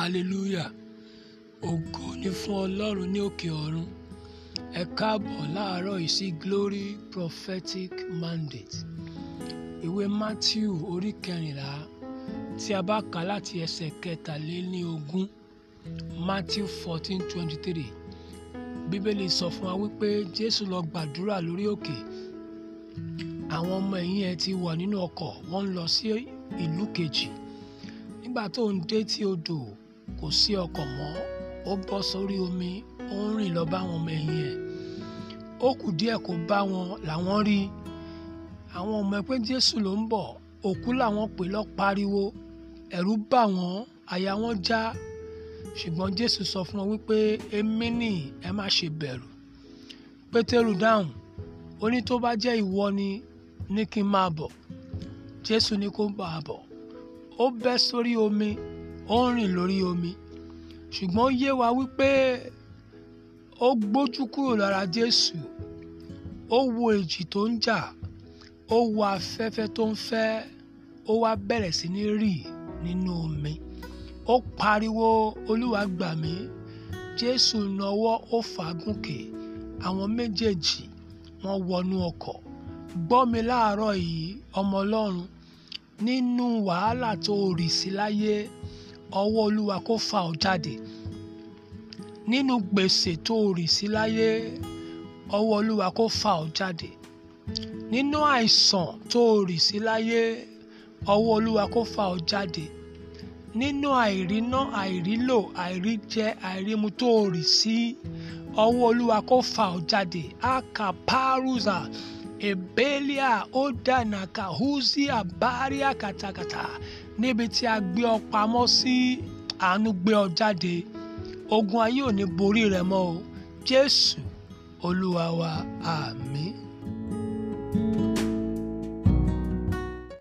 hallelujah ògo ni fún ọlọ́run ní òkè ọ̀run ẹ káàbọ̀ láàárọ̀ yìí sí glory prophetic mandate ìwé matthew orí kẹrìnlá tí a bá kà láti ẹsẹ̀ kẹtàléníogún matthew fourteen twenty three bíbélì sọ fún wa wípé jésù lọ gbàdúrà lórí òkè àwọn ọmọ ẹ̀yìn ẹ̀ ti wà nínú ọkọ̀ wọ́n ń lọ sí ìlú kejì nígbà tó ń dé tí odò kò sí ọkọ̀ mọ́ ó bọ́ sórí omi ó ń rìn lọ báwọn ọmọ ẹ̀yìn ẹ̀ ó kù díẹ̀ kó bá wọn làwọn rí àwọn ọmọ ẹ pé jésù ló ń bọ̀ òkú làwọn pè lọ pariwo ẹ̀rù bà wọ́n àyà wọn já ṣùgbọ́n jésù sọ fún wọn wípé èmi ni ẹ má ṣe bẹ̀rù pétérù dáhùn ó tó bá jẹ́ ìwọ ni ní kí n máa bọ̀ jésù ní kó máa bọ̀ ó bẹ́ sórí omi ó ń rìn lórí omi ṣùgbọ́n yé wa wípé ó gbójú kúrò lára Jésù ó wo èjì tó ń jà ó wo afẹ́fẹ́ tó ń fẹ́ ó wá bẹ̀rẹ̀ sí ní rì nínú omi ó pariwo olúwa gbà mí Jésù nawọ́ ó fàágùnkè àwọn méjèèjì wọ́n wọnú ọkọ̀ gbọ́ láàárọ̀ yìí ọmọ Ọlọ́run nínú wàhálà tó rì sí láyé ọwọ́ olúwa kó fa ọ jáde nínú gbèsè tó rì sí láyé ọwọ́ olúwa kó fa ọ jáde nínú àìsàn tó rì sí láyé ọwọ́ olúwa kó fa ọ jáde nínú àìríná àìrílò àìríjẹ àìrímu tó rì sí ọwọ́ olúwa kó fa ọ jáde akaparuza. Si ebelia ó dànà kahuzi abaria katakata níbi tí a gbé ọ pamọ́ sí àánú gbé ọ jáde ogun ayé ò ní borí rẹ mọ́ o jésù olúwa wa àmín.